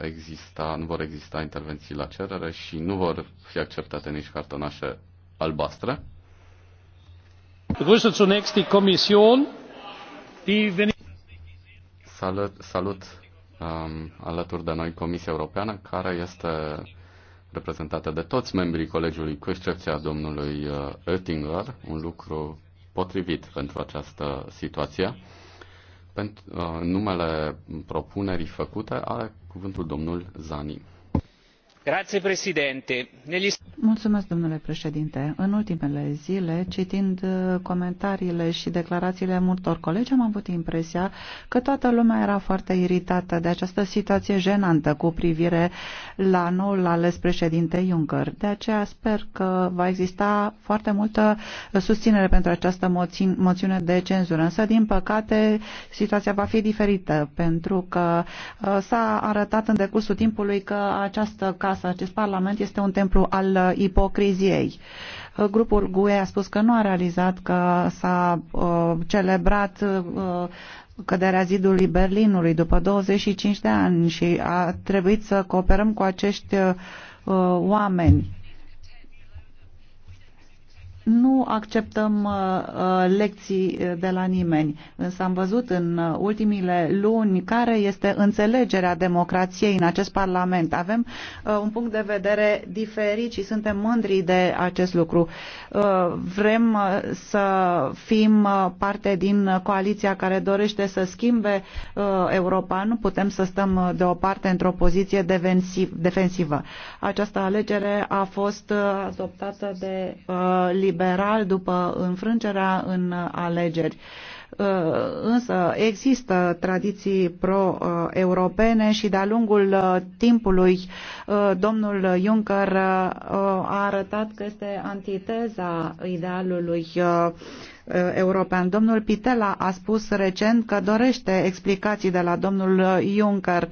exista, nu vor exista intervenții la cerere și nu vor fi acceptate nici cartonașe albastre. Begrüße zunächst die Kommission, die Salut, salut um, alături de noi Comisia Europeană, care este reprezentată de toți membrii colegiului, cu excepția domnului uh, Oettinger, un lucru potrivit pentru această situație. Pentru uh, numele propunerii făcute are cuvântul domnul Zani. Mulțumesc, domnule președinte. În ultimele zile, citind uh, comentariile și declarațiile multor colegi, am avut impresia că toată lumea era foarte iritată de această situație jenantă cu privire la noul ales președinte Juncker. De aceea sper că va exista foarte multă susținere pentru această moțiune, moțiune de cenzură. Însă, din păcate, situația va fi diferită, pentru că uh, s-a arătat în decursul timpului că această acasă. Acest Parlament este un templu al uh, ipocriziei. Uh, grupul GUE a spus că nu a realizat că s-a uh, celebrat uh, căderea zidului Berlinului după 25 de ani și a trebuit să cooperăm cu acești uh, oameni nu acceptăm uh, uh, lecții uh, de la nimeni, însă am văzut în ultimile luni care este înțelegerea democrației în acest Parlament. Avem un punct de vedere diferit și suntem mândri de acest lucru. Vrem să fim parte din coaliția care dorește să schimbe Europa. Nu putem să stăm deoparte într-o poziție defensivă. Această alegere a fost adoptată de uh, liberal după înfrângerea în alegeri uh, însă există tradiții pro-europene și de-a lungul uh, timpului uh, domnul Juncker a arătat că este antiteza idealului european. Domnul Pitela a spus recent că dorește explicații de la domnul Juncker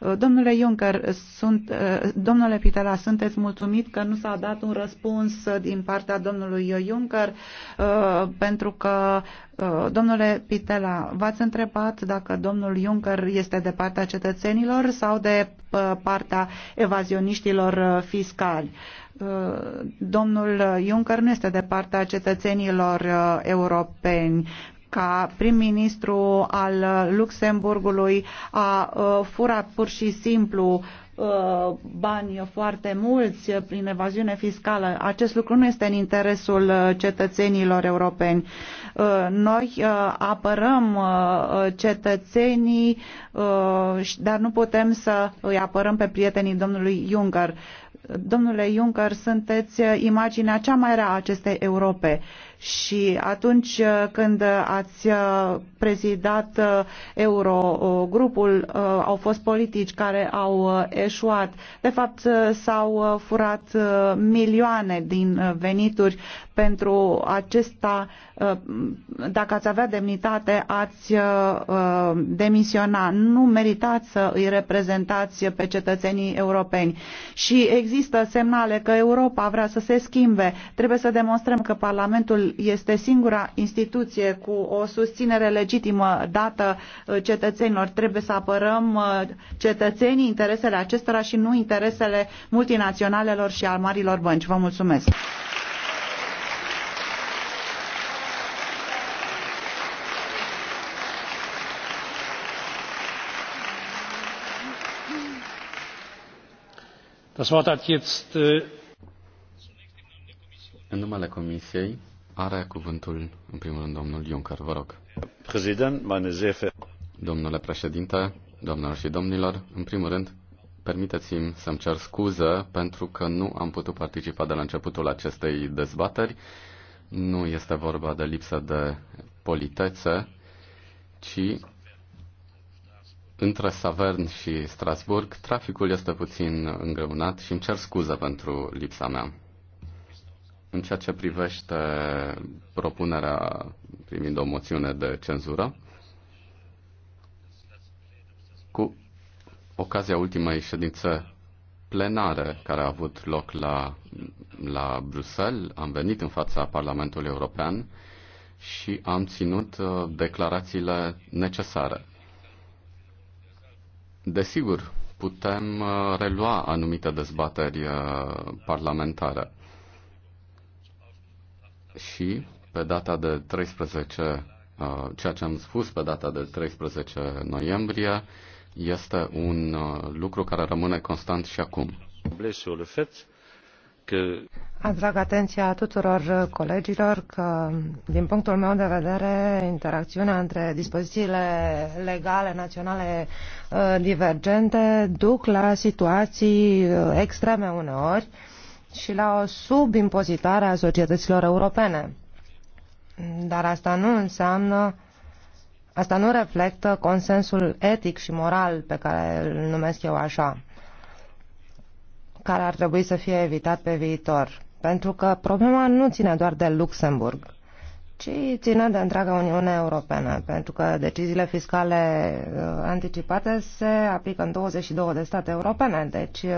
Uh, domnule Juncker, sunt, uh, domnule Pitela, sunteți mulțumit că nu s-a dat un răspuns din partea domnului Juncker uh, pentru că Domnule Pitela, v-ați întrebat dacă domnul Juncker este de partea cetățenilor sau de partea evazioniștilor fiscali? Domnul Juncker nu este de partea cetățenilor europeni ca prim-ministru al Luxemburgului a uh, furat pur și simplu uh, bani foarte mulți prin evaziune fiscală. Acest lucru nu este în interesul uh, cetățenilor europeni. Noi apărăm cetățenii, dar nu putem să îi apărăm pe prietenii domnului Juncker. Domnule Juncker, sunteți imaginea cea mai rea a acestei Europe și atunci uh, când uh, ați uh, prezidat Eurogrupul, au fost politici care au eșuat. De fapt, s-au furat milioane din venituri pentru acesta. Dacă ați avea demnitate, ați demisiona. Nu meritați să îi reprezentați pe cetățenii europeni. Și există semnale că Europa vrea să se schimbe. Trebuie să demonstrăm că Parlamentul este singura instituție cu o susținere legitimă dată uh, cetățenilor. Trebuie să apărăm uh, cetățenii, interesele acestora și nu interesele multinaționalelor și al marilor bănci. Vă mulțumesc! Das Wort hat jetzt äh, în numele Comisiei are cuvântul, în primul rând, domnul Juncker, vă rog. Domnule președinte, domnilor și domnilor, în primul rând, permiteți-mi să-mi cer scuză pentru că nu am putut participa de la începutul acestei dezbateri. Nu este vorba de lipsă de politețe, ci între Savern și Strasburg traficul este puțin îngreunat și îmi cer scuză pentru lipsa mea. În ceea ce privește propunerea primind o moțiune de cenzură, cu ocazia ultimei ședințe plenare care a avut loc la, la Bruxelles, am venit în fața Parlamentului European și am ținut uh, declarațiile necesare. Desigur, putem uh, relua anumite dezbateri uh, parlamentare și pe data de 13, uh, ceea ce am spus pe data de 13 noiembrie, este un uh, lucru care rămâne constant și acum. Atrag atenția tuturor colegilor că, din punctul meu de vedere, interacțiunea între dispozițiile legale naționale uh, divergente duc la situații extreme uneori, și la o subimpozitare a societăților europene. Dar asta nu înseamnă, asta nu reflectă consensul etic și moral pe care îl numesc eu așa, care ar trebui să fie evitat pe viitor. Pentru că problema nu ține doar de Luxemburg ci țină de întreaga Uniune Europeană, pentru că deciziile fiscale uh, anticipate se aplică în 22 de state europene. Deci, uh,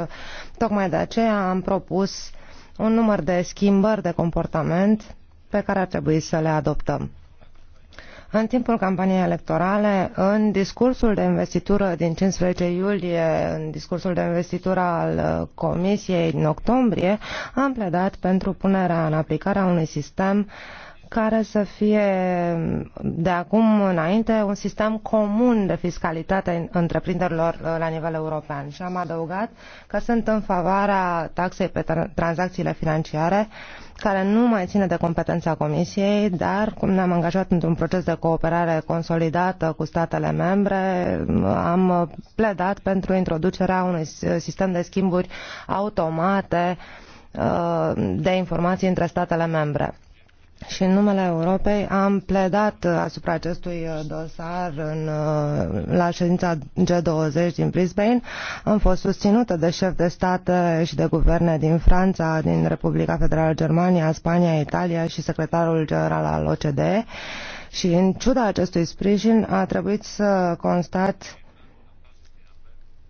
tocmai de aceea am propus un număr de schimbări de comportament pe care ar trebui să le adoptăm. În timpul campaniei electorale, în discursul de investitură din 15 iulie, în discursul de investitură al uh, Comisiei din octombrie, am pledat pentru punerea în aplicare a unui sistem uh, care să fie de acum înainte un sistem comun de fiscalitate întreprinderilor uh, la nivel european. Și am adăugat că sunt în favoarea taxei pe tranzacțiile financiare, care nu mai ține de competența Comisiei, dar cum ne-am angajat într-un proces de cooperare consolidată cu statele membre, am pledat pentru introducerea unui sistem de schimburi automate uh, de informații între statele membre și în numele Europei am pledat asupra acestui uh, dosar în, uh, la ședința G20 din Brisbane. Am fost susținută de șef de stat și de guverne din Franța, din Republica Federală Germania, Spania, Italia și secretarul general al OCDE. Și în ciuda acestui sprijin a trebuit să constat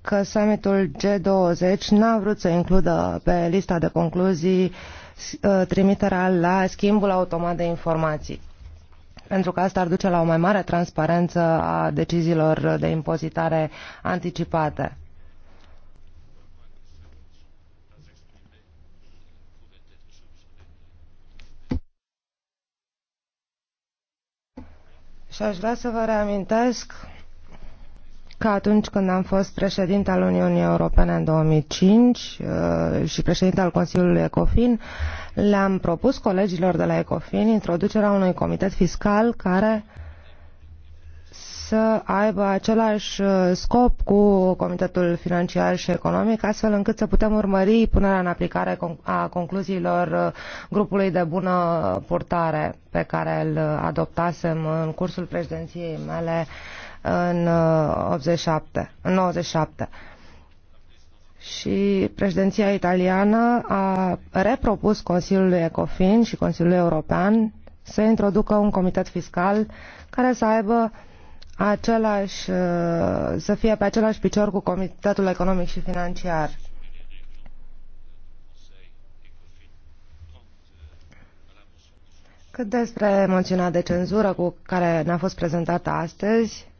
că summitul G20 n-a vrut să includă pe lista de concluzii uh, Uh, trimiterea la schimbul automat de informații pentru că asta ar duce la o mai mare transparență a deciziilor de impozitare anticipate. Și aș vrea să vă reamintesc că atunci când am fost președinte al Uniunii Europene în 2005 uh, și președinte al Consiliului ECOFIN, le-am propus colegilor de la ECOFIN introducerea unui comitet fiscal care să aibă același uh, scop cu Comitetul Financiar și Economic, astfel încât să putem urmări punerea în aplicare a concluziilor uh, grupului de bună purtare pe care îl adoptasem în cursul președinției mele în 87, uh, în 97 și președinția italiană a repropus Consiliului ECOFIN și Consiliului European să introducă un comitet fiscal care să aibă același, uh, să fie pe același picior cu Comitetul Economic și Financiar. Cât despre moțiunea de cenzură cu care ne-a fost prezentată astăzi,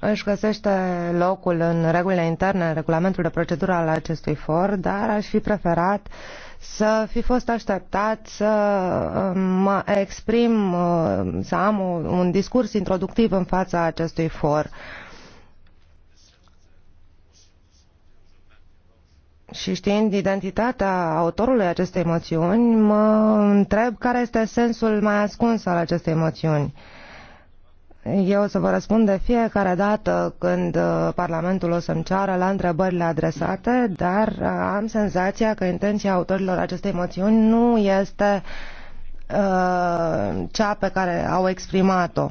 își găsește locul în regulile interne, în regulamentul de procedură al acestui for, dar aș fi preferat uh, să fi fost așteptat să uh, mă exprim, uh, să am un discurs introductiv în fața acestui for. Și știind identitatea autorului acestei moțiuni, mă întreb care este sensul mai ascuns al acestei moțiuni. Uh, eu o să vă răspund de fiecare dată când uh, Parlamentul o să-mi ceară la întrebările adresate, dar uh, am senzația că intenția autorilor acestei moțiuni nu este uh, cea pe care au exprimat-o.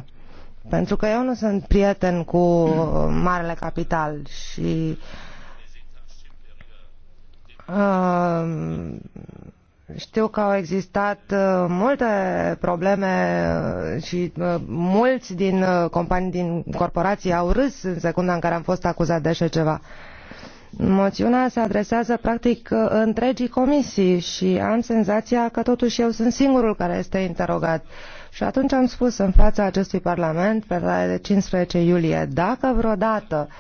Pentru că eu nu sunt prieten cu uh, Marele Capital și uh, știu că au existat uh, multe probleme uh, și uh, mulți din companii, din corporații au râs în secunda în care am fost acuzat de așa ceva. Moțiunea se adresează practic întregii comisii și am senzația că totuși eu sunt singurul care este interogat. Și atunci am spus în fața acestui Parlament, pe data de 15 iulie, dacă vreodată uh,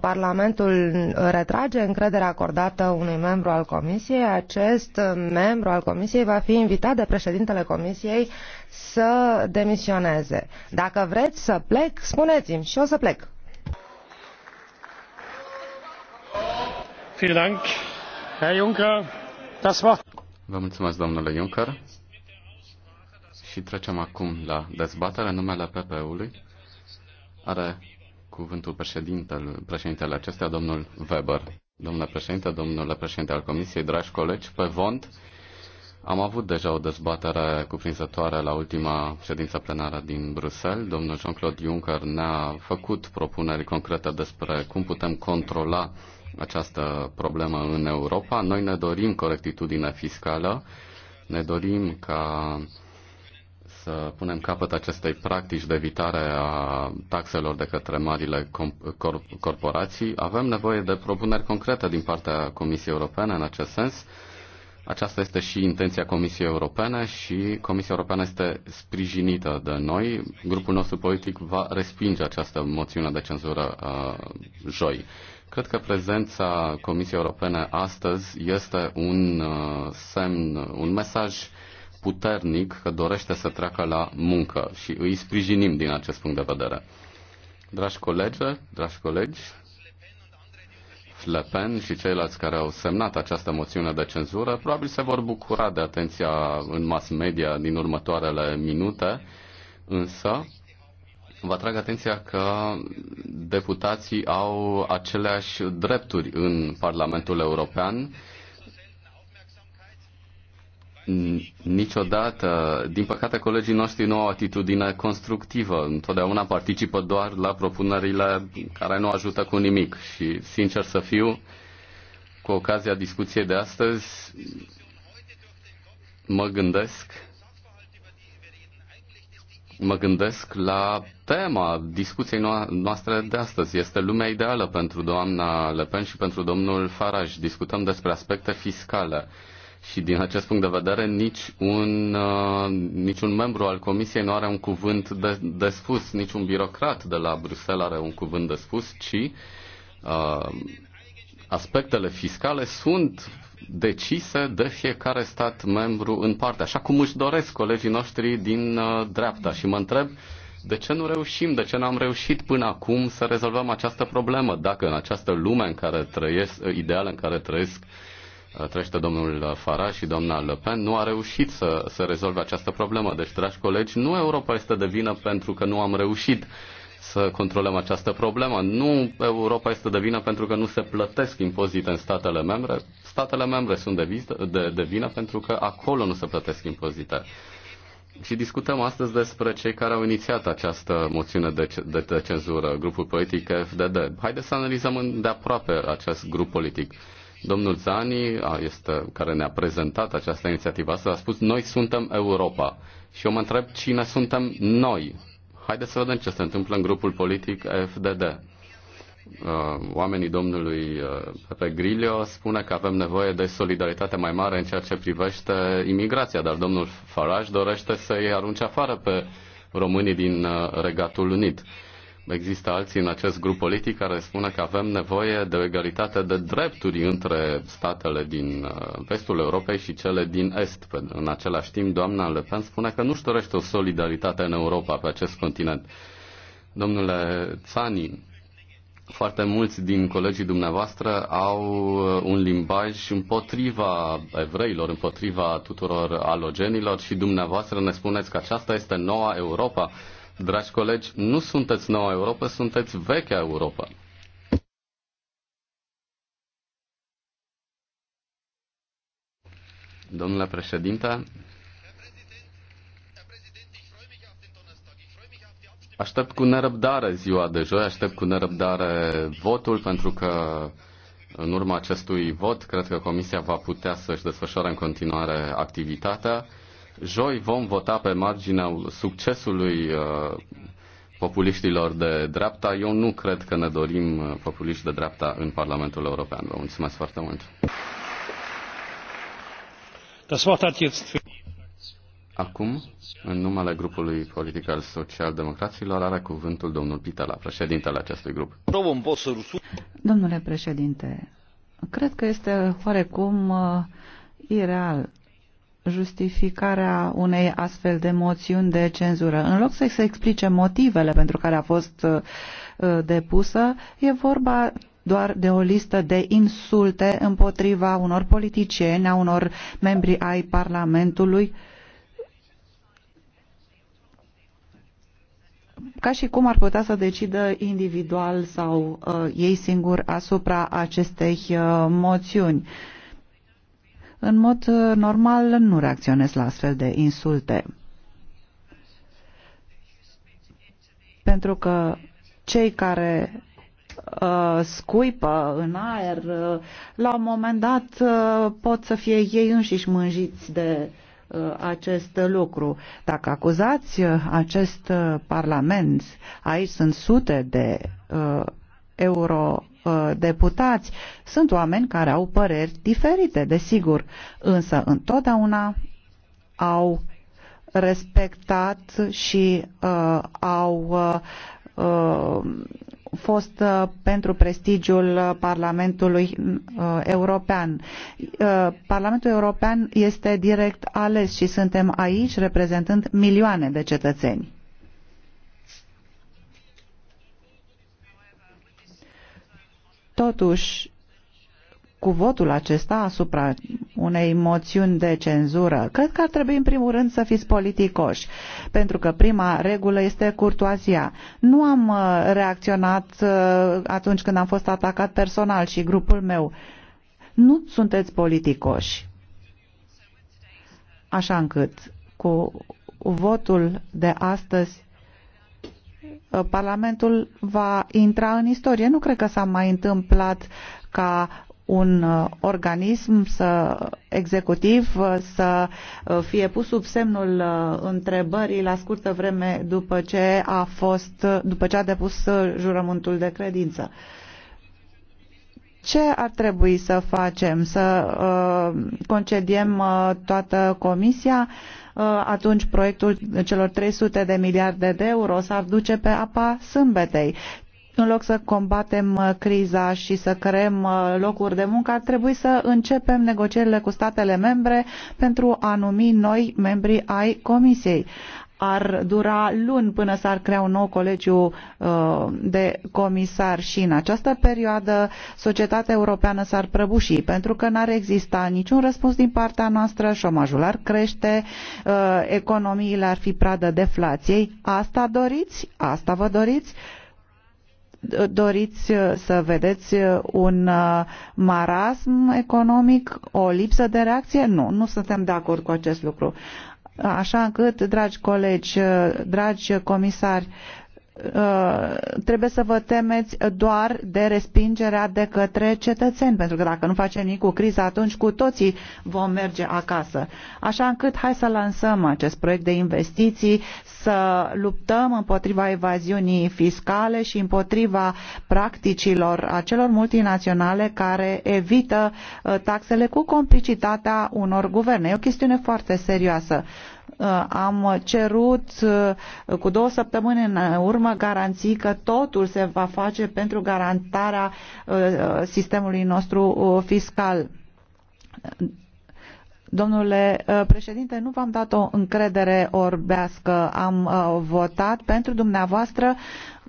Parlamentul retrage încrederea acordată unui membru al Comisiei, acest membru al Comisiei va fi invitat de președintele Comisiei să demisioneze. Dacă vreți să plec, spuneți-mi și o să plec. Vă mulțumesc, domnule Juncker. Și trecem acum la dezbatere. Numele PP-ului are cuvântul președintele, președintele acestea, domnul Weber. Domnule președinte, domnule președinte al Comisiei, dragi colegi, pe VONT am avut deja o dezbatere cuprinzătoare la ultima ședință plenară din Bruxelles. Domnul Jean-Claude Juncker ne-a făcut propuneri concrete despre cum putem controla această problemă în Europa. Noi ne dorim corectitudine fiscală, ne dorim ca să punem capăt acestei practici de evitare a taxelor de către marile corporații, avem nevoie de propuneri concrete din partea Comisiei Europene în acest sens. Aceasta este și intenția Comisiei Europene și Comisia Europeană este sprijinită de noi. Grupul nostru politic va respinge această moțiune de cenzură uh, joi. Cred că prezența Comisiei Europene astăzi este un uh, semn, un mesaj puternic că dorește să treacă la muncă și îi sprijinim din acest punct de vedere. Dragi colegi, dragi colegi, le Pen și ceilalți care au semnat această moțiune de cenzură probabil se vor bucura de atenția în mass media din următoarele minute, însă vă atrag atenția că deputații au aceleași drepturi în Parlamentul European niciodată, din păcate, colegii noștri nu au atitudine constructivă. Întotdeauna participă doar la propunerile care nu ajută cu nimic. Și, sincer să fiu, cu ocazia discuției de astăzi, mă gândesc mă gândesc la tema discuției noastre de astăzi. Este lumea ideală pentru doamna Le Pen și pentru domnul Faraj. Discutăm despre aspecte fiscale. Și din acest punct de vedere, nici un, uh, niciun membru al Comisiei nu are un cuvânt de, de spus, niciun birocrat de la Bruxelles are un cuvânt de spus, ci uh, aspectele fiscale sunt decise de fiecare stat membru în parte, așa cum își doresc colegii noștri din uh, dreapta. Și mă întreb de ce nu reușim, de ce n-am reușit până acum să rezolvăm această problemă, dacă în această lume în care trăiesc, ideală în care trăiesc, uh, trăiește domnul Fara și doamna Le Pen, nu a reușit să, să rezolve această problemă. Deci, dragi colegi, nu Europa este de vină pentru că nu am reușit să controlăm această problemă. Nu Europa este de vină pentru că nu se plătesc impozite în statele membre. Statele membre sunt de, viz, de, de vină pentru că acolo nu se plătesc impozite. Și discutăm astăzi despre cei care au inițiat această moțiune de, de, de cenzură, grupul politic FDD. Haideți să analizăm de aproape acest grup politic. Domnul Zani, este, care ne-a prezentat această inițiativă asta, a spus noi suntem Europa. Și eu mă întreb cine suntem noi. Haideți să vedem ce se întâmplă în grupul politic FDD. Uh, oamenii domnului Pepe uh, Grilio spune că avem nevoie de solidaritate mai mare în ceea ce privește imigrația, dar domnul Farage dorește să-i arunce afară pe românii din uh, Regatul Unit. Există alții în acest grup politic care spune că avem nevoie de o egalitate de drepturi între statele din uh, vestul Europei și cele din est. În același timp, doamna Le Pen spune că nu-și dorește o solidaritate în Europa pe acest continent. Domnule Țani, foarte mulți din colegii dumneavoastră au uh, un limbaj împotriva evreilor, împotriva tuturor alogenilor și dumneavoastră ne spuneți că aceasta este noua Europa Dragi colegi, nu sunteți noua Europa, sunteți vechea Europa. Domnule președinte, aștept cu nerăbdare ziua de joi, aștept cu nerăbdare votul, pentru că în urma acestui vot cred că Comisia va putea să-și desfășoare în continuare activitatea. Joi vom vota pe marginea succesului uh, populiștilor de dreapta. Eu nu cred că ne dorim uh, populiști de dreapta în Parlamentul European. Vă mulțumesc foarte mult. Acum, în numele grupului politic al social-democraților, are cuvântul domnul Pitala, președintele acestui grup. Domnule președinte, cred că este oarecum uh, ireal justificarea unei astfel de moțiuni de cenzură. În loc să se explice motivele pentru care a fost uh, depusă, e vorba doar de o listă de insulte împotriva unor politicieni, a unor membri ai Parlamentului, ca și cum ar putea să decidă individual sau uh, ei singuri asupra acestei uh, moțiuni. Uh, în mod uh, normal nu reacționez la astfel de insulte. Pentru că cei care uh, scuipă în aer, uh, la un moment dat uh, pot să fie ei înșiși mânjiți de uh, acest lucru. Dacă acuzați uh, acest parlament, aici sunt sute de uh, euro Uh, deputați. Sunt oameni care au păreri diferite, desigur, însă întotdeauna au respectat și uh, au uh, uh, fost uh, pentru prestigiul Parlamentului uh, European. Parlamentul European este direct ales și suntem aici reprezentând milioane de cetățeni. Totuși, cu votul acesta asupra unei moțiuni de cenzură, cred că ar trebui în primul rând să fiți politicoși, pentru că prima regulă este curtoazia. Nu am uh, reacționat uh, atunci când am fost atacat personal și grupul meu. Nu sunteți politicoși. Așa încât cu votul de astăzi Uh, Parlamentul va intra în istorie. Nu cred că s-a mai întâmplat ca un uh, organism să, executiv uh, să fie pus sub semnul întrebării la scurtă vreme după ce a fost după ce a depus jurământul de credință. Ce ar trebui să facem? Să uh, concediem uh, toată comisia? Uh, Uh, atunci proiectul celor 300 de miliarde de euro s-ar duce pe apa sâmbetei în loc să combatem uh, criza și să creăm uh, locuri de muncă, ar trebui să începem negocierile cu statele membre pentru a numi noi membri ai Comisiei ar dura luni până s-ar crea un nou colegiu uh, de comisar și în această perioadă societatea europeană s-ar prăbuși pentru că n-ar exista niciun răspuns din partea noastră, șomajul ar crește, uh, economiile ar fi pradă deflației. Asta doriți? Asta vă doriți? doriți uh, să vedeți un marasm economic, o lipsă de reacție? Nu, nu suntem de acord cu acest lucru. Așa încât, dragi colegi, dragi comisari, Uh, trebuie să vă temeți doar de respingerea de către cetățeni, pentru că dacă nu facem nimic cu criza, atunci cu toții vom merge acasă. Așa încât hai să lansăm acest proiect de investiții, să luptăm împotriva evaziunii fiscale și împotriva practicilor acelor multinaționale care evită uh, taxele cu complicitatea unor guverne. E o chestiune foarte serioasă. Uh, am cerut uh, cu două săptămâni în urmă garanții că totul se va face pentru garantarea uh, sistemului nostru fiscal. Domnule președinte, nu v-am dat o încredere orbească. Am votat pentru dumneavoastră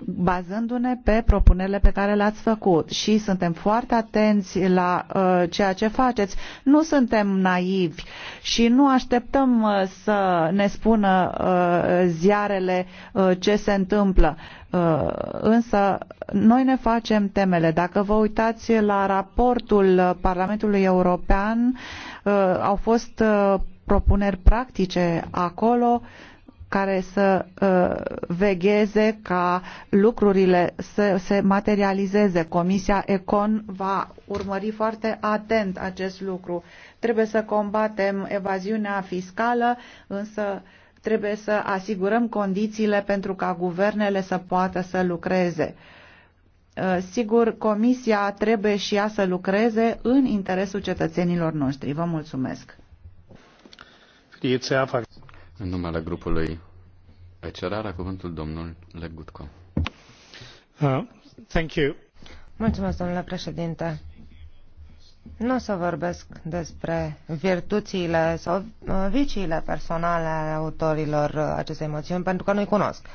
bazându-ne pe propunerile pe care le-ați făcut și suntem foarte atenți la uh, ceea ce faceți. Nu suntem naivi și nu așteptăm uh, să ne spună uh, ziarele uh, ce se întâmplă. Uh, însă noi ne facem temele. Dacă vă uitați la raportul Parlamentului European, uh, au fost uh, propuneri practice acolo care să uh, vegheze ca lucrurile să se materializeze. Comisia Econ va urmări foarte atent acest lucru. Trebuie să combatem evaziunea fiscală, însă trebuie să asigurăm condițiile pentru ca guvernele să poată să lucreze. Uh, sigur, Comisia trebuie și ea să lucreze în interesul cetățenilor noștri. Vă mulțumesc! În numele grupului ECR are cuvântul domnul Legutco. Uh, thank you. Mulțumesc, domnule președinte. Nu o să vorbesc despre virtuțile sau uh, viciile personale ale autorilor uh, acestei moțiuni, pentru că nu-i cunosc.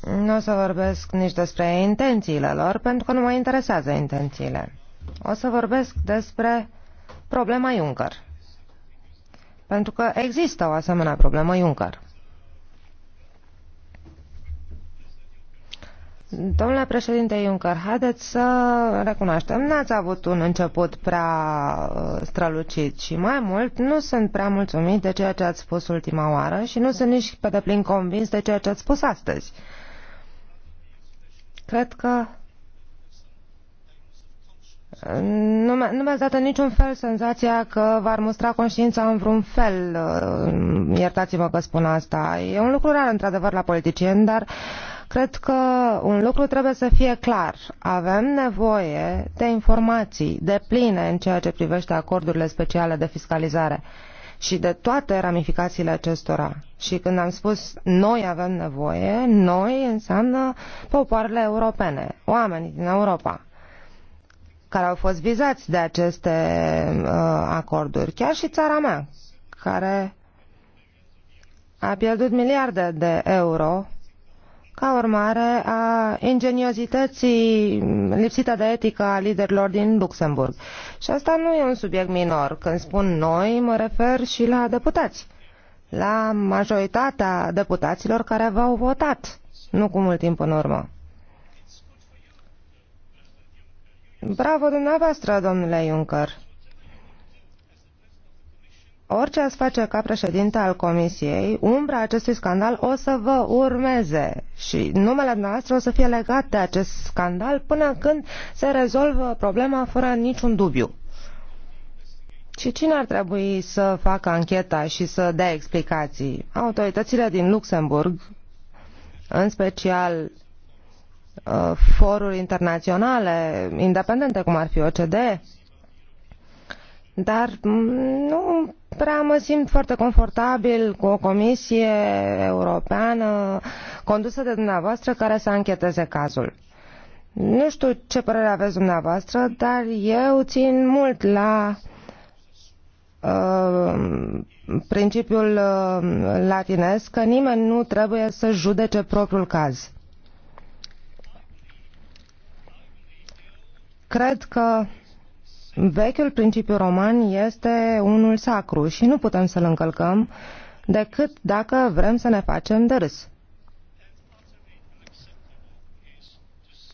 Nu o să vorbesc nici despre intențiile lor, pentru că nu mă interesează intențiile. O să vorbesc despre problema Juncker. Pentru că există o asemenea problemă Juncker. Domnule președinte Juncker, haideți să recunoaștem, n-ați avut un început prea uh, strălucit și mai mult nu sunt prea mulțumit de ceea ce ați spus ultima oară și nu sunt nici pe deplin convins de ceea ce ați spus astăzi. Cred că nu mi-a dat în niciun fel senzația că v-ar mustra conștiința în vreun fel. Uh, iertați-mă că spun asta. E un lucru rar, într-adevăr, la politicieni, dar cred că un lucru trebuie să fie clar. Avem nevoie de informații de pline în ceea ce privește acordurile speciale de fiscalizare și de toate ramificațiile acestora. Și când am spus noi avem nevoie, noi înseamnă popoarele europene, oamenii din Europa care au fost vizați de aceste uh, acorduri. Chiar și țara mea, care a pierdut miliarde de euro ca urmare a ingeniozității lipsită de etică a liderilor din Luxemburg. Și asta nu e un subiect minor. Când spun noi, mă refer și la deputați, la majoritatea deputaților care v-au votat, nu cu mult timp în urmă. Bravo dumneavoastră, domnule Juncker! Orice ați face ca președinte al Comisiei, umbra acestui scandal o să vă urmeze și numele noastră o să fie legat de acest scandal până când se rezolvă problema fără niciun dubiu. Și cine ar trebui să facă ancheta și să dea explicații? Autoritățile din Luxemburg, în special Uh, foruri internaționale independente, cum ar fi OCDE, dar mm, nu prea mă simt foarte confortabil cu o comisie europeană condusă de dumneavoastră care să ancheteze cazul. Nu știu ce părere aveți dumneavoastră, dar eu țin mult la uh, principiul uh, latinesc că nimeni nu trebuie să judece propriul caz. Cred că vechiul principiu roman este unul sacru și nu putem să-l încălcăm decât dacă vrem să ne facem de râs.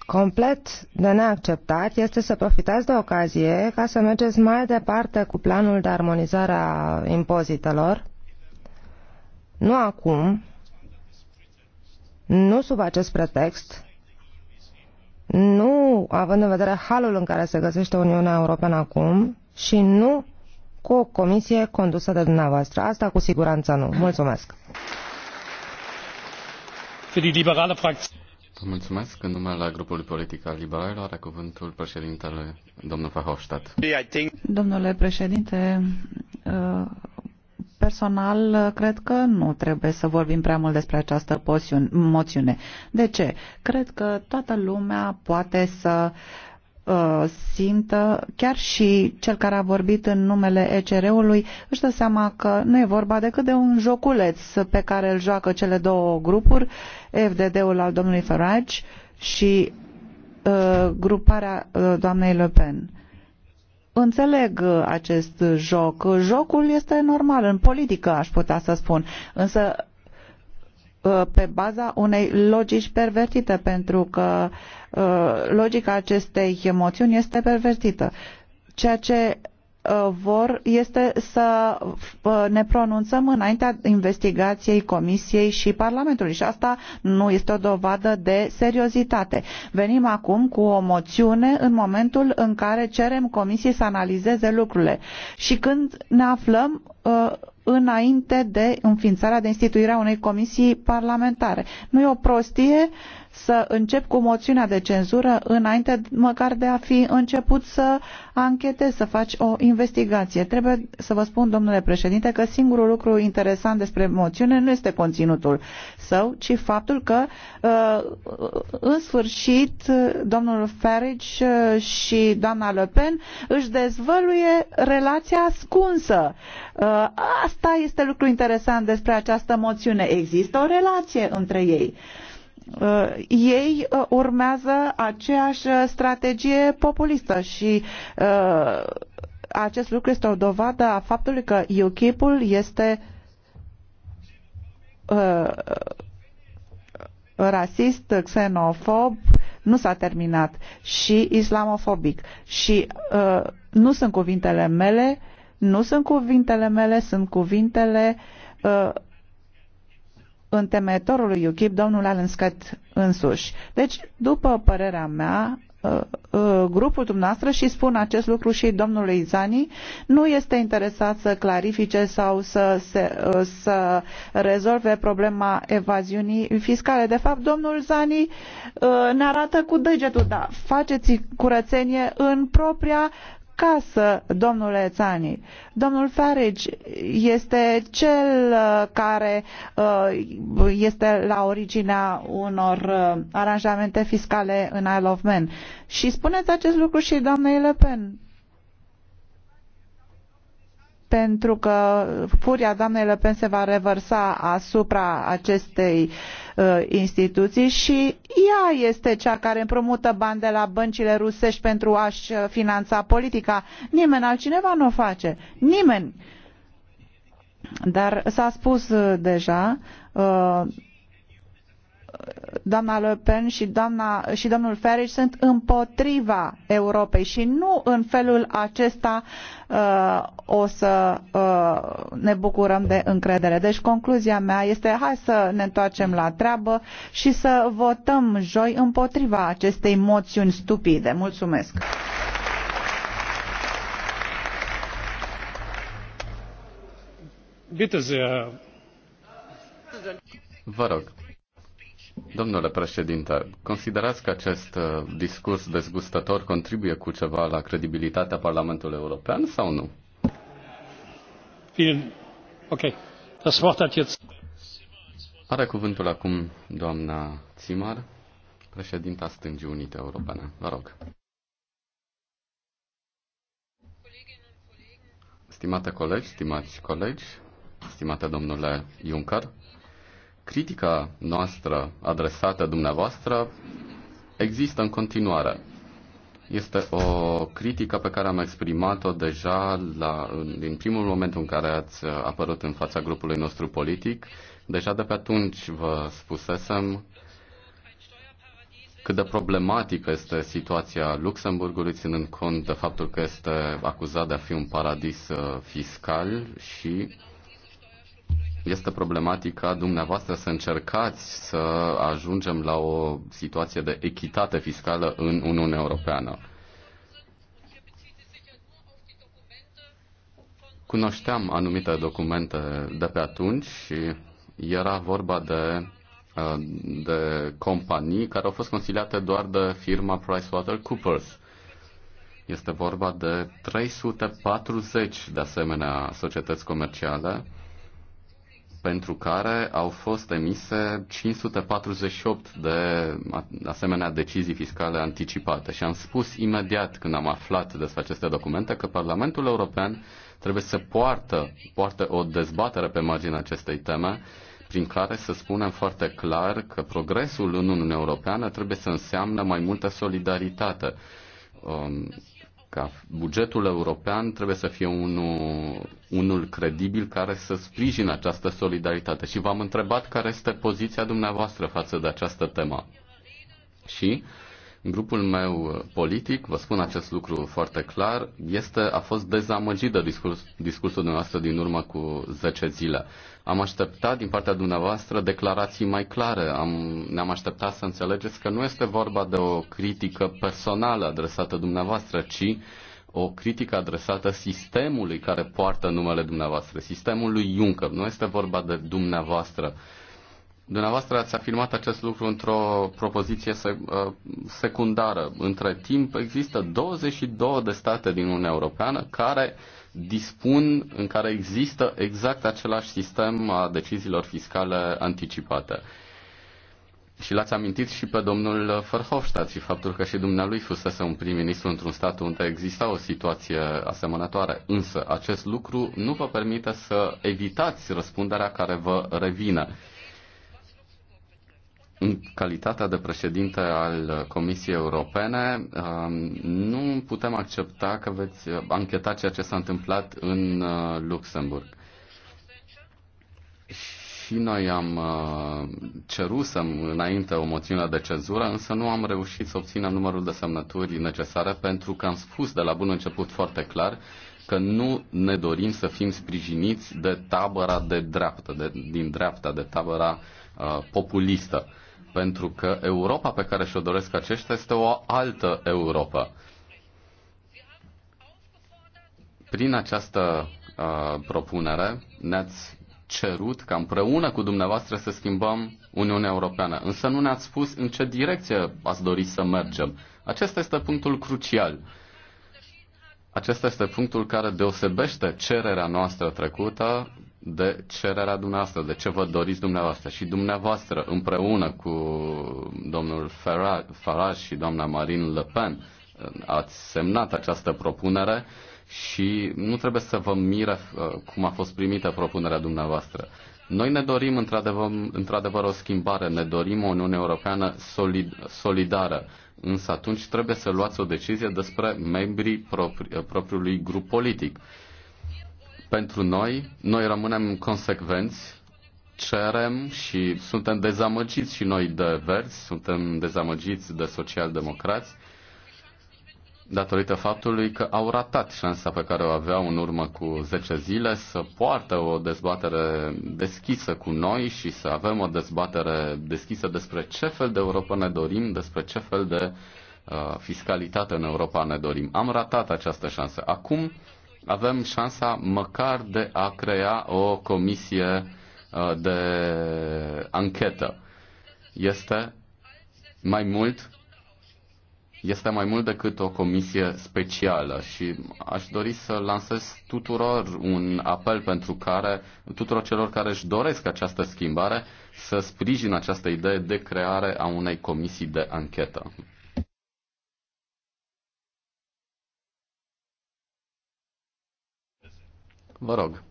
Complet de neacceptat este să profitați de ocazie ca să mergeți mai departe cu planul de armonizare a impozitelor, nu acum, nu sub acest pretext, nu având în vedere halul în care se găsește Uniunea Europeană acum și nu cu o comisie condusă de dumneavoastră. Asta cu siguranță nu. Mulțumesc. Vă mulțumesc. În numele grupului politic al liberal are cuvântul președintele domnul Fahofstadt. Domnule președinte, uh personal, cred că nu trebuie să vorbim prea mult despre această moțiune. De ce? Cred că toată lumea poate să uh, simtă, chiar și cel care a vorbit în numele ECR-ului, își dă seama că nu e vorba decât de un joculeț pe care îl joacă cele două grupuri, FDD-ul al domnului Farage și uh, gruparea uh, doamnei Le Pen înțeleg uh, acest joc. Jocul este normal în politică, aș putea să spun, însă uh, pe baza unei logici pervertite, pentru că uh, logica acestei emoțiuni este pervertită. Ceea ce Uh, vor este să uh, ne pronunțăm înaintea investigației Comisiei și Parlamentului și asta nu este o dovadă de seriozitate. Venim acum cu o moțiune în momentul în care cerem Comisiei să analizeze lucrurile și când ne aflăm uh, înainte de înființarea de instituirea unei comisii parlamentare. Nu e o prostie să încep cu moțiunea de cenzură înainte măcar de a fi început să anchetezi, să faci o investigație. Trebuie să vă spun, domnule președinte, că singurul lucru interesant despre moțiune nu este conținutul său, ci faptul că uh, în sfârșit domnul Farage uh, și doamna Le Pen își dezvăluie relația ascunsă. Uh, asta este lucru interesant despre această moțiune. Există o relație între ei. Uh, ei uh, urmează aceeași strategie populistă și uh, acest lucru este o dovadă a faptului că UKIP-ul este rasist, xenofob, nu s-a terminat și islamofobic. Și uh, nu sunt cuvintele mele, nu sunt cuvintele mele, sunt cuvintele uh, întemeitorului UKIP, domnul Alan Scott însuși. Deci, după părerea mea, ă, ă, grupul dumneavoastră și spun acest lucru și domnului Zani, nu este interesat să clarifice sau să, să, să rezolve problema evaziunii fiscale. De fapt, domnul Zani ă, ne arată cu degetul, da, faceți curățenie în propria acasă, domnule Țani. Domnul Farage este cel uh, care uh, este la originea unor uh, aranjamente fiscale în Isle of Man. Și spuneți acest lucru și doamnei Le Pen pentru că furia doamnei Le Pen se va revărsa asupra acestei uh, instituții și ea este cea care împrumută bani de la băncile rusești pentru a-și uh, finanța politica. Nimeni altcineva nu o face. Nimeni. Dar s-a spus uh, deja, uh, doamna Le Pen și, doamna, și domnul Farage sunt împotriva Europei și nu în felul acesta uh, o să uh, ne bucurăm de încredere. Deci concluzia mea este hai să ne întoarcem la treabă și să votăm joi împotriva acestei moțiuni stupide. Mulțumesc! Uh. Vă rog. Domnule președinte, considerați că acest uh, discurs dezgustător contribuie cu ceva la credibilitatea Parlamentului European sau nu? Okay. Das Wort hat jetzt... Are cuvântul acum doamna Țimar, președinta Stângii Unite Europene. Vă rog. Stimate colegi, stimați colegi, stimate domnule Juncker, critica noastră adresată dumneavoastră există în continuare. Este o critică pe care am exprimat-o deja la, din primul moment în care ați apărut în fața grupului nostru politic. Deja de pe atunci vă spusesem cât de problematică este situația Luxemburgului, ținând cont de faptul că este acuzat de a fi un paradis uh, fiscal și este problematica dumneavoastră să încercați să ajungem la o situație de echitate fiscală în Uniunea Europeană. Cunoșteam anumite documente de pe atunci și era vorba de, de companii care au fost consiliate doar de firma PricewaterCoopers. Este vorba de 340 de asemenea societăți comerciale pentru care au fost emise 548 de asemenea decizii fiscale anticipate. Și am spus imediat când am aflat despre aceste documente că Parlamentul European trebuie să poartă, poartă o dezbatere pe marginea acestei teme prin care să spunem foarte clar că progresul în Uniunea Europeană trebuie să înseamnă mai multă solidaritate um, ca bugetul european trebuie să fie unul, unul credibil care să sprijine această solidaritate. Și v-am întrebat care este poziția dumneavoastră față de această temă. Și uh, Grupul meu uh, politic, vă spun acest lucru foarte clar, este, a fost dezamăgit de discurs, discursul dumneavoastră din urmă cu 10 zile. Am așteptat din partea dumneavoastră declarații mai clare, am, ne-am așteptat să înțelegeți că nu este vorba de o critică personală adresată dumneavoastră, ci o critică adresată sistemului care poartă numele dumneavoastră, sistemului Juncker. Nu este vorba de dumneavoastră. Dumneavoastră ați afirmat acest lucru într-o propoziție uh, secundară. Între timp există 22 de state din Uniunea Europeană care dispun, în care există exact același sistem a deciziilor fiscale anticipate. Și l-ați amintit și pe domnul Verhofstadt și faptul că și dumnealui fusese un prim-ministru într-un stat unde exista o situație asemănătoare. Însă acest lucru nu vă permite să evitați răspunderea care vă revine în calitatea de președinte al Comisiei Europene, um, nu putem accepta că veți ancheta ceea ce s-a întâmplat în uh, Luxemburg. Și noi am uh, cerut să înainte o moțiune de cenzură, însă nu am reușit să obținem numărul de semnături necesare pentru că am spus de la bun început foarte clar că nu ne dorim să fim sprijiniți de tabăra de dreaptă, de, din dreapta, de tabăra uh, populistă. Uh, pentru că Europa pe care și-o doresc aceștia este o altă Europa. Prin această uh, propunere ne-ați cerut ca împreună cu dumneavoastră să schimbăm Uniunea Europeană, însă nu ne-ați spus în ce direcție ați dori să mergem. Acesta este punctul crucial. Acesta este punctul care deosebește cererea noastră trecută de cererea dumneavoastră, de ce vă doriți dumneavoastră. Și dumneavoastră, împreună cu domnul Farage și doamna Marine Le Pen, ați semnat această propunere și nu trebuie să vă mire uh, cum a fost primită propunerea dumneavoastră. Noi ne dorim într-adevăr, într-adevăr o schimbare, ne dorim o Uniune Europeană solid, solidară, însă atunci trebuie să luați o decizie despre membrii propri, propriului grup politic. Pentru noi, noi rămânem consecvenți, cerem și suntem dezamăgiți și noi de verzi, suntem dezamăgiți de socialdemocrați, datorită faptului că au ratat șansa pe care o aveau în urmă cu 10 zile să poartă o dezbatere deschisă cu noi și să avem o dezbatere deschisă despre ce fel de Europa ne dorim, despre ce fel de uh, fiscalitate în Europa ne dorim. Am ratat această șansă. Acum avem șansa măcar de a crea o comisie uh, de anchetă. Este mai mult este mai mult decât o comisie specială și aș dori să lansez tuturor un apel pentru care, tuturor celor care își doresc această schimbare, să sprijin această idee de creare a unei comisii de anchetă. Vă rog.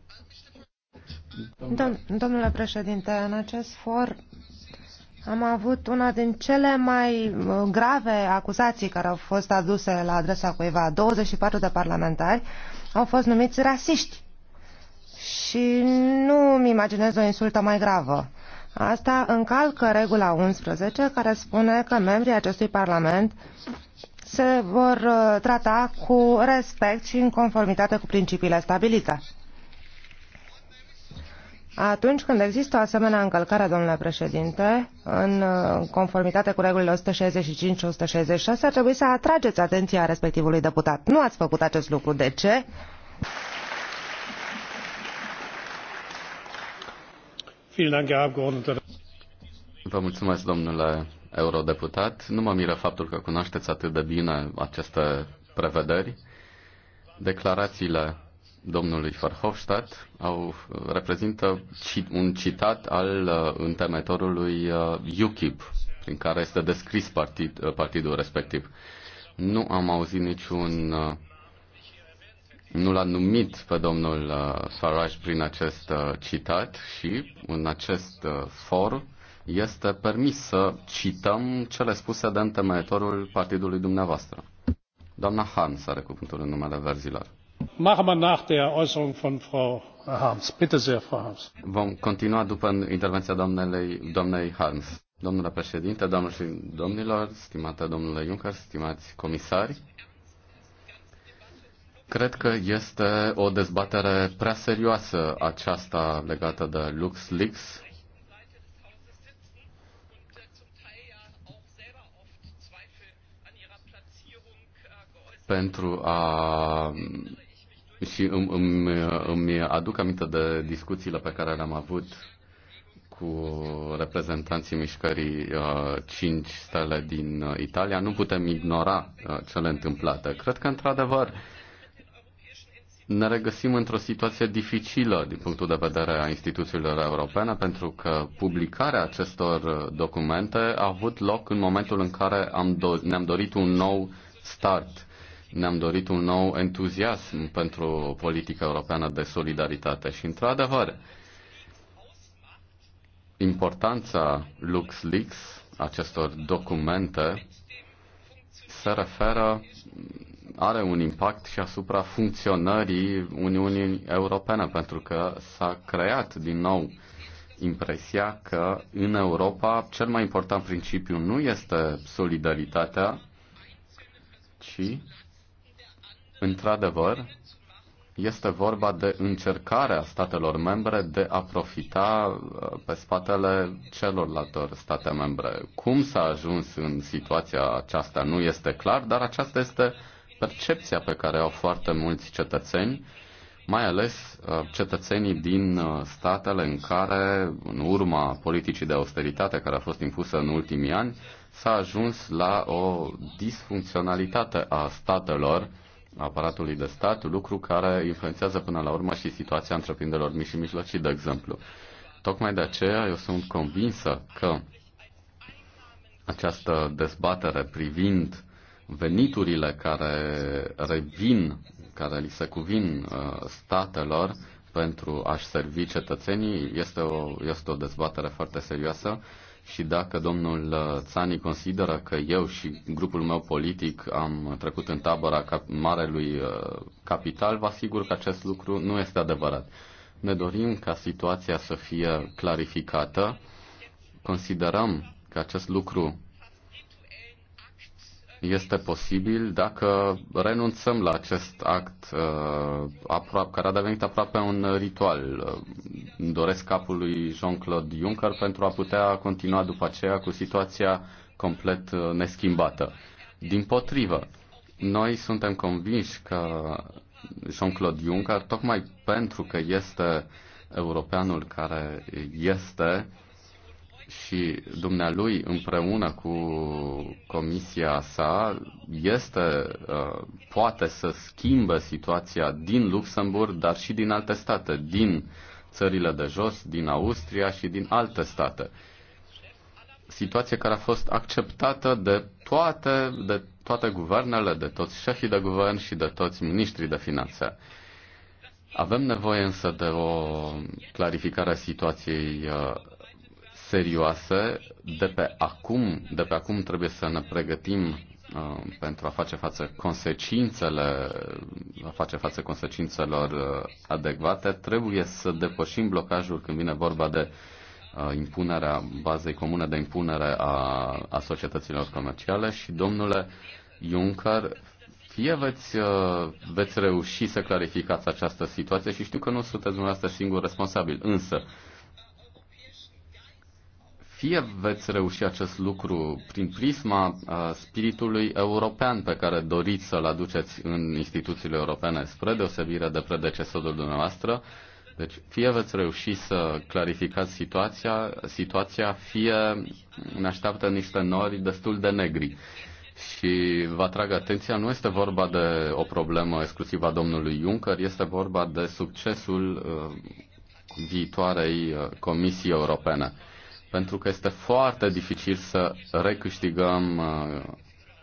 Domnule președinte, în acest for am avut una din cele mai uh, grave acuzații care au fost aduse la adresa cuiva. 24 de parlamentari au fost numiți rasiști. Și nu-mi imaginez o insultă mai gravă. Asta încalcă regula 11 care spune că membrii acestui parlament se vor uh, trata cu respect și în conformitate cu principiile stabilite. Atunci când există o asemenea încălcare, domnule președinte, în uh, conformitate cu regulile 165-166, ar trebui să atrageți atenția respectivului deputat. Nu ați făcut acest lucru. De ce? Vă mulțumesc, domnule eurodeputat. Nu mă miră faptul că cunoașteți atât de bine aceste prevederi. Declarațiile domnului Verhofstadt au, reprezintă un citat al uh, întemeitorului uh, UKIP, prin care este descris partid, uh, partidul respectiv. Nu am auzit niciun nu l-a numit pe domnul Farage prin acest citat și în acest for este permis să cităm cele spuse de întemeitorul partidului dumneavoastră. Doamna Hans are cuvântul în numele verzilor. Vom continua după intervenția doamnei, doamnei Harms. Domnule președinte, doamnelor și domnilor, stimate domnule Juncker, stimați comisari, Cred că este o dezbatere prea serioasă aceasta legată de LuxLeaks. Pentru a și îmi, îmi, îmi aduc aminte de discuțiile pe care le-am avut cu reprezentanții mișcării uh, stele din uh, Italia. Nu putem ignora uh, cele întâmplate. Cred că, într-adevăr, ne regăsim într-o situație dificilă din punctul de vedere a instituțiilor europene, pentru că publicarea acestor uh, documente a avut loc în momentul în care am do- ne-am dorit un nou start ne-am dorit un nou entuziasm pentru politica europeană de solidaritate și, într-adevăr, importanța LuxLeaks, acestor documente, se referă, are un impact și asupra funcționării Uniunii Europene, pentru că s-a creat din nou impresia că în Europa cel mai important principiu nu este solidaritatea, ci Într-adevăr, este vorba de încercarea statelor membre de a profita uh, pe spatele celorlalte state membre. Cum s-a ajuns în situația aceasta nu este clar, dar aceasta este percepția pe care au foarte mulți cetățeni, mai ales uh, cetățenii din uh, statele în care, în urma politicii de austeritate care a fost impusă în ultimii ani, s-a ajuns la o disfuncționalitate a statelor aparatului de stat, lucru care influențează până la urmă și situația întreprinderilor mici și mijlocii, de exemplu. Tocmai de aceea eu sunt convinsă că această dezbatere privind veniturile care revin, care li se cuvin uh, statelor pentru a-și servi cetățenii, este o, este o dezbatere foarte serioasă și dacă domnul uh, Țani consideră că eu și grupul meu politic am trecut în tabăra cap- marelui uh, capital, vă asigur că acest lucru nu este adevărat. Ne dorim ca situația să fie clarificată. Considerăm că acest lucru este posibil dacă renunțăm la acest act uh, aproape, care a devenit aproape un ritual. Uh, îmi doresc capul lui Jean-Claude Juncker pentru a putea continua după aceea cu situația complet uh, neschimbată. Din potrivă, noi suntem convinși că Jean-Claude Juncker, tocmai pentru că este europeanul care este, și dumnealui împreună cu comisia sa este, uh, poate să schimbe situația din Luxemburg, dar și din alte state, din țările de jos, din Austria și din alte state. Situație care a fost acceptată de toate, de toate guvernele, de toți șefii de guvern și de toți ministrii de finanțe. Avem nevoie însă de o clarificare a situației uh, serioase. De pe acum, de pe acum trebuie să ne pregătim uh, pentru a face față consecințele, a face față consecințelor uh, adecvate, trebuie să depășim blocajul când vine vorba de uh, impunerea bazei comune de impunere a, a societăților comerciale și domnule Juncker, fie veți, veți reuși să clarificați această situație și știu că nu sunteți dumneavoastră singur responsabil, însă fie veți reuși acest lucru prin prisma uh, spiritului european pe care doriți să-l aduceți în instituțiile europene, spre deosebire de predecesorul dumneavoastră, deci fie veți reuși să clarificați situația, situația fie ne așteaptă niște nori destul de negri. Și vă atrag atenția, nu este vorba de o problemă exclusivă a domnului Juncker, este vorba de succesul uh, viitoarei uh, Comisii Europene pentru că este foarte dificil să recâștigăm uh,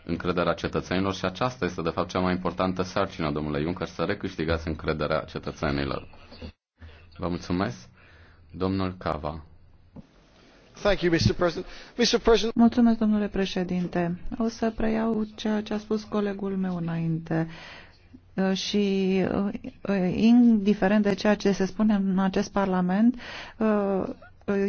încrederea cetățenilor și aceasta este, de fapt, cea mai importantă sarcină, domnule Juncker, să recâștigați încrederea cetățenilor. Vă mulțumesc. Domnul Cava. Thank you, Mr. President. Mr. President... Mulțumesc, domnule președinte. O să preiau ceea ce a spus colegul meu înainte uh, și uh, indiferent de ceea ce se spune în acest Parlament,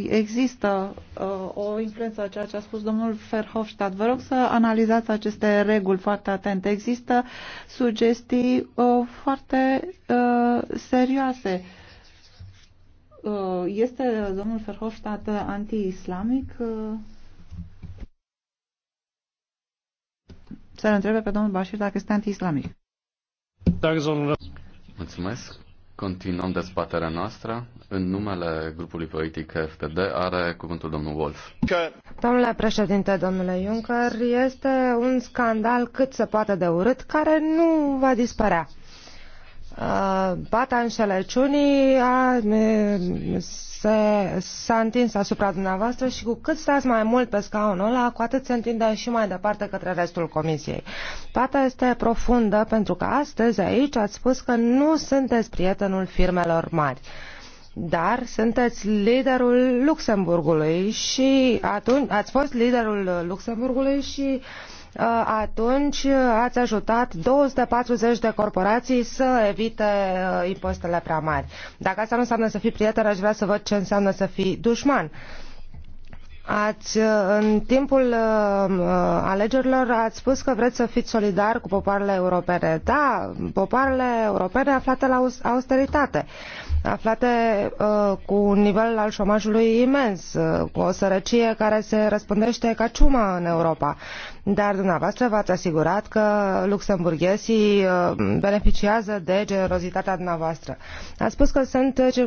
există uh, o influență a ceea ce a spus domnul Ferhofstadt. Vă rog să analizați aceste reguli foarte atent. Există sugestii uh, foarte uh, serioase. Uh, este domnul Ferhofstadt anti-islamic? Uh, să-l întrebe pe domnul Bașir dacă este anti-islamic. Mulțumesc. Continuăm dezbaterea noastră. În numele grupului politic FTD are cuvântul domnul Wolf. Domnule președinte, domnule Juncker, este un scandal cât se poate de urât care nu va dispărea. Uh, bata înșelăciunii a, se, s-a întins asupra dumneavoastră și cu cât stați mai mult pe scaunul ăla, cu atât se întinde și mai departe către restul comisiei. Pata este profundă pentru că astăzi aici ați spus că nu sunteți prietenul firmelor mari dar sunteți liderul Luxemburgului și atunci ați fost liderul Luxemburgului și uh, Ă, atunci ați ajutat 240 de corporații să evite ă, impozitele prea mari. Dacă asta nu înseamnă să fii prieten, aș vrea să văd ce înseamnă să fii dușman. Ați, ă, în timpul uh, alegerilor ați spus că vreți să fiți solidari cu popoarele europene. Da, popoarele europene aflate la austeritate, aflate uh, cu un nivel al șomajului imens, uh, cu o sărăcie care se răspândește ca ciuma în Europa dar dumneavoastră v-ați asigurat că luxemburghezii uh, beneficiază de generozitatea dumneavoastră. Ați spus că sunt uh,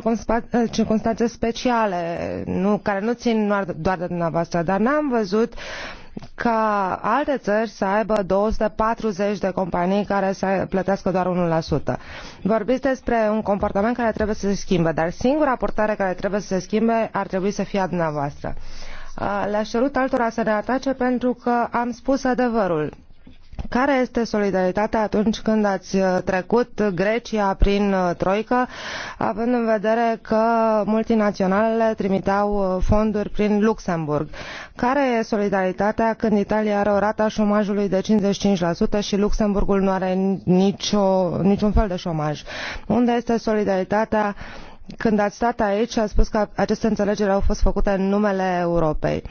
uh, circunstanțe speciale, nu, care nu țin doar de dumneavoastră, dar n-am văzut ca alte țări să aibă 240 de companii care să plătească doar 1%. Vorbiți despre un comportament care trebuie să se schimbe, dar singura portare care trebuie să se schimbe ar trebui să fie a dumneavoastră. Uh, le-aș cerut altora să ne atace pentru că am spus adevărul. Care este solidaritatea atunci când ați uh, trecut Grecia prin uh, troică, având în vedere că multinaționalele trimiteau uh, fonduri prin Luxemburg? Care e solidaritatea când Italia are o rată a șomajului de 55% și Luxemburgul nu are nicio, niciun fel de șomaj? Unde este solidaritatea uh, când ați stat aici ați spus că aceste înțelegeri au fost făcute în numele europei.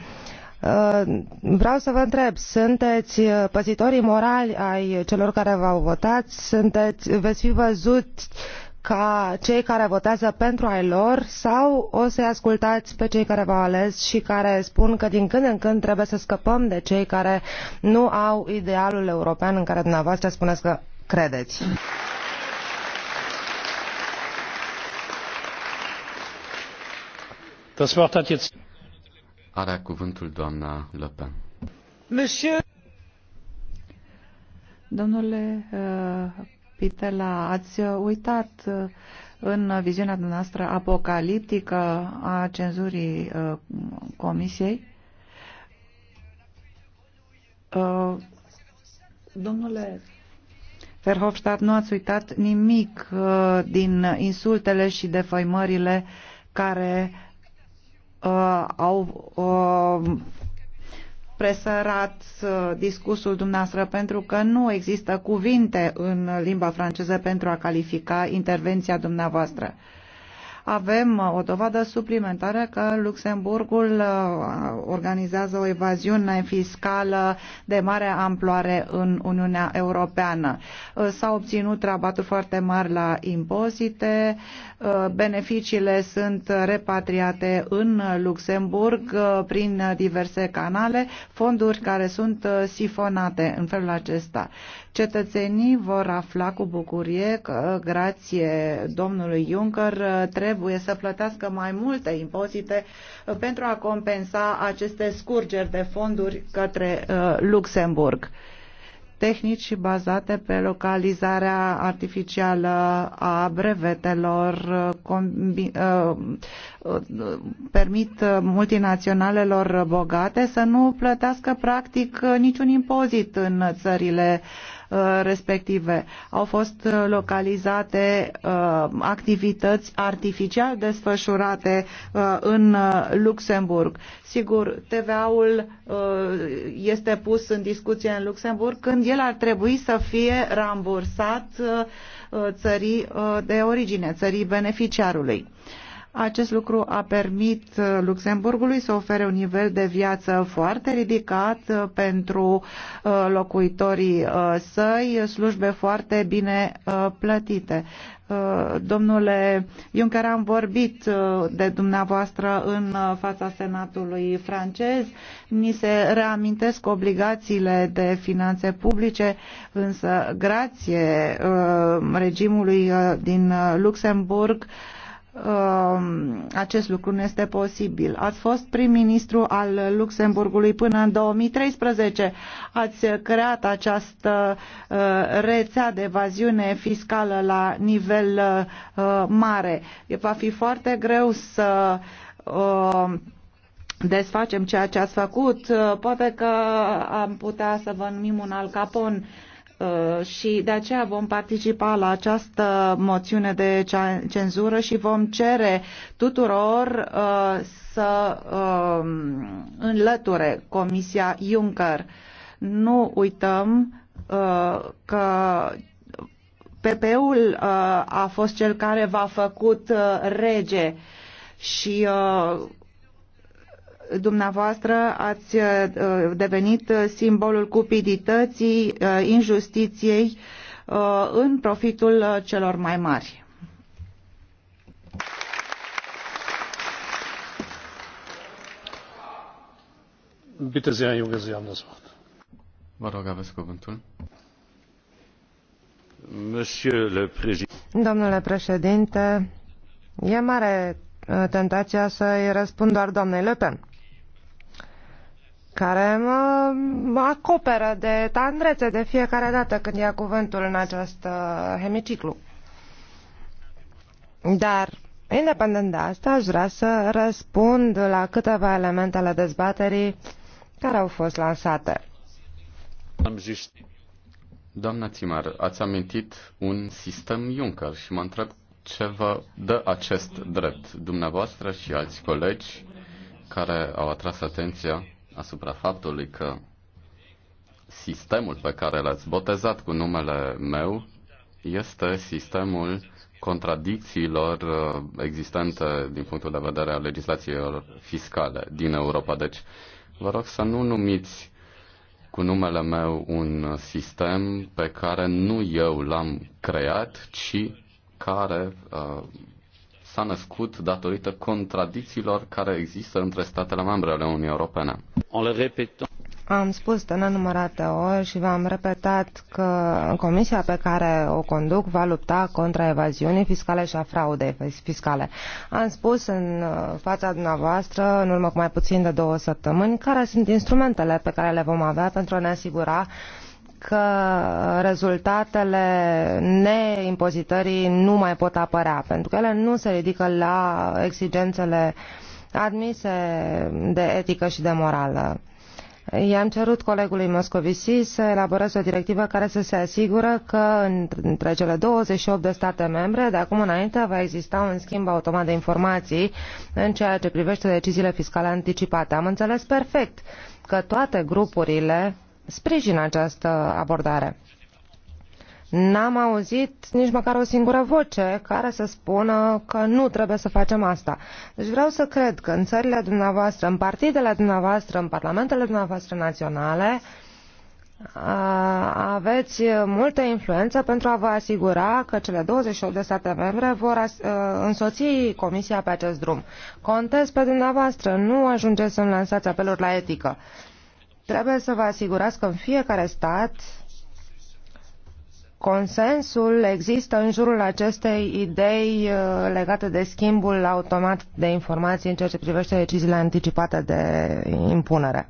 Uh, vreau să vă întreb, sunteți uh, păzitorii morali ai celor care v-au votat? Sunteți, veți fi văzuți ca cei care votează pentru ai lor sau o să i ascultați pe cei care v-au ales și care spun că din când în când trebuie să scăpăm de cei care nu au idealul european în care dumneavoastră spuneți că credeți? Are cuvântul doamna Le Pen. Monsieur... Domnule uh, Pitela, ați uitat uh, în viziunea noastră apocaliptică a cenzurii uh, Comisiei? Domnule Verhofstadt, nu ați uitat nimic din insultele și defăimările care uh, au uh, presărat uh, discursul dumneavoastră pentru că nu există cuvinte în limba franceză pentru a califica intervenția dumneavoastră. Uh, avem uh, o dovadă suplimentară că Luxemburgul uh, organizează o evaziune fiscală de mare amploare în Uniunea Europeană. Uh, s-au obținut rabaturi foarte mari la impozite, beneficiile sunt repatriate în Luxemburg prin diverse canale, fonduri care sunt sifonate în felul acesta. Cetățenii vor afla cu bucurie că, grație domnului Juncker, trebuie trebuie să plătească mai multe impozite uh, pentru a compensa aceste scurgeri de fonduri către uh, Luxemburg tehnici bazate pe localizarea artificială a brevetelor uh, combi, uh, permit multinaționalelor bogate să nu plătească practic niciun impozit în țările Uh, respective. Au fost uh, localizate uh, activități artificial desfășurate în Luxemburg. Sigur, TVA-ul este pus în discuție în Luxemburg când el ar trebui să fie rambursat țării de origine, țării beneficiarului. Acest lucru a permit uh, Luxemburgului să ofere un nivel de viață foarte ridicat uh, pentru uh, locuitorii săi, slujbe foarte bine plătite. Domnule Juncker, am vorbit de dumneavoastră în fața Senatului francez. Ni se reamintesc obligațiile de finanțe publice, însă grație regimului din Luxemburg, Um, acest lucru nu este posibil. Ați fost prim-ministru al Luxemburgului până în 2013. Ați creat această uh, rețea de evaziune fiscală la nivel uh, mare. Va fi foarte greu să um, desfacem ceea ce ați făcut. Uh, poate că am putea să vă numim un Al Capone Uh, și de aceea vom participa la această moțiune de cenzură și vom cere tuturor uh, să um, înlăture Comisia Juncker. Nu uităm uh, că PP-ul a fost cel care v-a făcut rege și dumneavoastră ați uh, devenit simbolul cupidității, uh, injustiției uh, în profitul celor mai mari. Bitte sehr, Herr Juncker, Vă rog, aveți cuvântul. Domnule președinte, e mare tentația să-i răspund doar doamnei Le Pen care mă, mă acoperă de tandrețe de fiecare dată când ia cuvântul în acest uh, hemiciclu. Dar, independent de asta, aș vrea să răspund la câteva elemente ale dezbaterii care au fost lansate. Am zis, doamna Timar, ați amintit un sistem Juncker și mă întreb ce vă dă acest drept, dumneavoastră și alți colegi care au atras atenția asupra faptului că sistemul pe care l-ați botezat cu numele meu este sistemul contradicțiilor uh, existente din punctul de vedere al legislațiilor fiscale din Europa. Deci, vă rog să nu numiți cu numele meu un sistem pe care nu eu l-am creat, ci care uh, s-a născut datorită contradicțiilor care există între statele membre ale Uniunii Europene. Am spus de nenumărate ori și v-am repetat că comisia pe care o conduc va lupta contra evaziunii fiscale și a fraudei fiscale. Am spus în uh, fața dumneavoastră, în urmă cu mai puțin de două săptămâni, care sunt instrumentele pe care le vom avea pentru a ne asigura uh, că rezultatele neimpozitării nu mai pot apărea, pentru că ele nu se ridică la exigențele admise de etică și de morală. I-am cerut colegului Moscovici să elaboreze o directivă care să se asigură că între cele 28 de state membre, de acum înainte, va exista un schimb automat de informații în ceea ce privește deciziile fiscale anticipate. Am înțeles perfect că toate grupurile Sprijină această abordare. N-am auzit nici măcar o singură voce care să spună că nu trebuie să facem asta. Deci vreau să cred că în țările dumneavoastră, în partidele dumneavoastră, în parlamentele dumneavoastră naționale, aveți multă influență pentru a vă asigura că cele 28 de state membre vor însoți Comisia pe acest drum. Contez pe dumneavoastră, nu ajungeți să-mi lansați apeluri la etică. Uh, Trebuie să vă asigurați că în fiecare stat consensul există în jurul acestei idei uh, legate de schimbul automat de informații în ceea ce privește deciziile anticipate de impunere.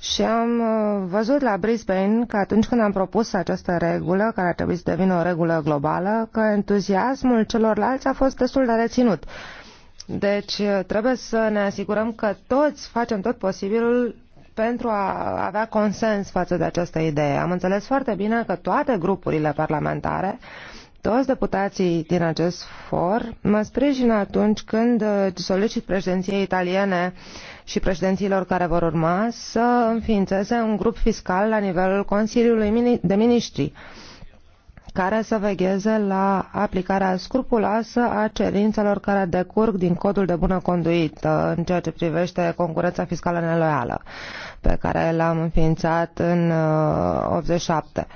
Și am uh, văzut la Brisbane că atunci când am propus această regulă, care ar trebui să devină o regulă globală, că entuziasmul celorlalți a fost destul de reținut. Deci uh, trebuie să ne asigurăm că toți facem tot posibilul pentru a avea consens față de această idee. Am înțeles foarte bine că toate grupurile parlamentare toți deputații din acest for mă sprijină atunci când uh, solicit președinției italiene și președințiilor care vor urma să înființeze un grup fiscal la nivelul Consiliului de Ministri care să vegheze la aplicarea scrupuloasă a cerințelor care decurg din codul de bună conduită în ceea ce privește concurența fiscală neloială pe care l-am înființat în 87. Uh,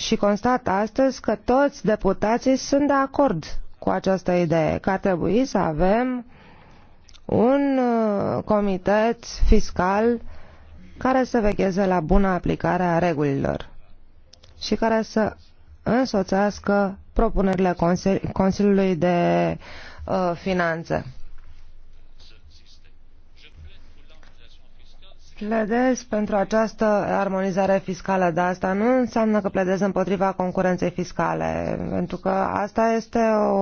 și constat astăzi că toți deputații sunt de acord cu această idee, că ar trebui să avem un uh, comitet fiscal care să vegheze la bună aplicare a regulilor și care să însoțească propunerile Consili Consiliului de uh, Finanțe. Pledez pentru această armonizare fiscală, dar asta nu înseamnă că pledez împotriva concurenței fiscale, pentru că asta este o,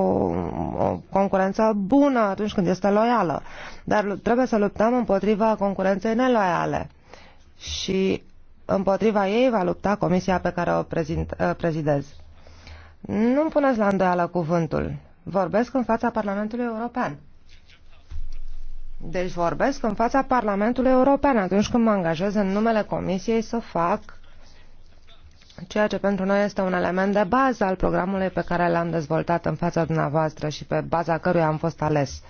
o concurență bună atunci când este loială, dar trebuie să luptăm împotriva concurenței neloiale. Și împotriva ei va lupta comisia pe care o eh, prezidez. Nu-mi puneți la îndoială cuvântul. Vorbesc în fața Parlamentului European. Deci vorbesc în fața Parlamentului European atunci când mă angajez în numele Comisiei să fac ceea ce pentru noi este un element de bază al programului pe care l-am dezvoltat în fața dumneavoastră și pe baza căruia am fost ales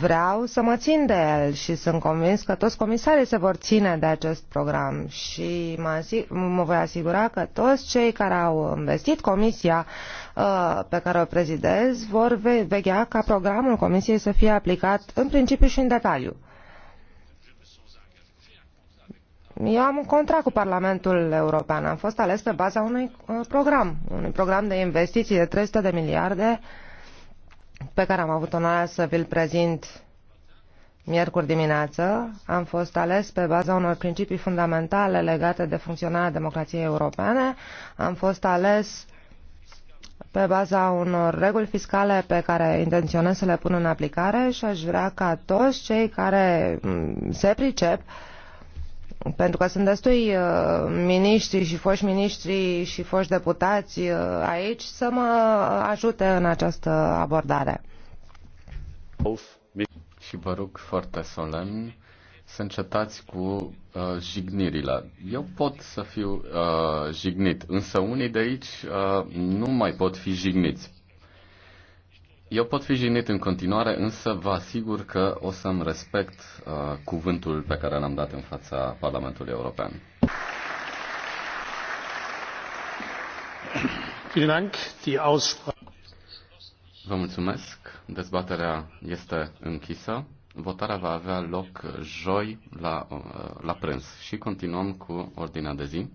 vreau să mă țin de el și sunt convins că toți comisarii se vor ține de acest program și mă, mă voi asigura că toți cei care au investit comisia uh, pe care o prezidez vor ve- veghea ca programul comisiei să fie aplicat în principiu și în detaliu. Eu am un contract cu Parlamentul European. Am fost ales pe baza unui uh, program, unui program de investiții de 300 de miliarde uh, pe care am avut onoarea să vi-l prezint miercuri dimineață, am fost ales pe baza unor principii fundamentale legate de funcționarea democrației europene, am fost ales pe baza unor reguli fiscale pe care intenționez să le pun în aplicare și aș vrea ca toți cei care se pricep uh, pentru că sunt destui uh, miniștri și foști miniștri și foști deputați uh, aici să mă ajute în această abordare. Și vă rog foarte solemn să încetați cu uh, jignirile. Eu pot să fiu uh, jignit, însă unii de aici uh, nu mai pot fi jigniți eu pot fi jignit în continuare, însă vă asigur că o să-mi respect uh, cuvântul pe care l-am dat în fața Parlamentului European. Vă mulțumesc. Dezbaterea este închisă. Votarea va avea loc joi la, uh, la prânz și continuăm cu ordinea de zi.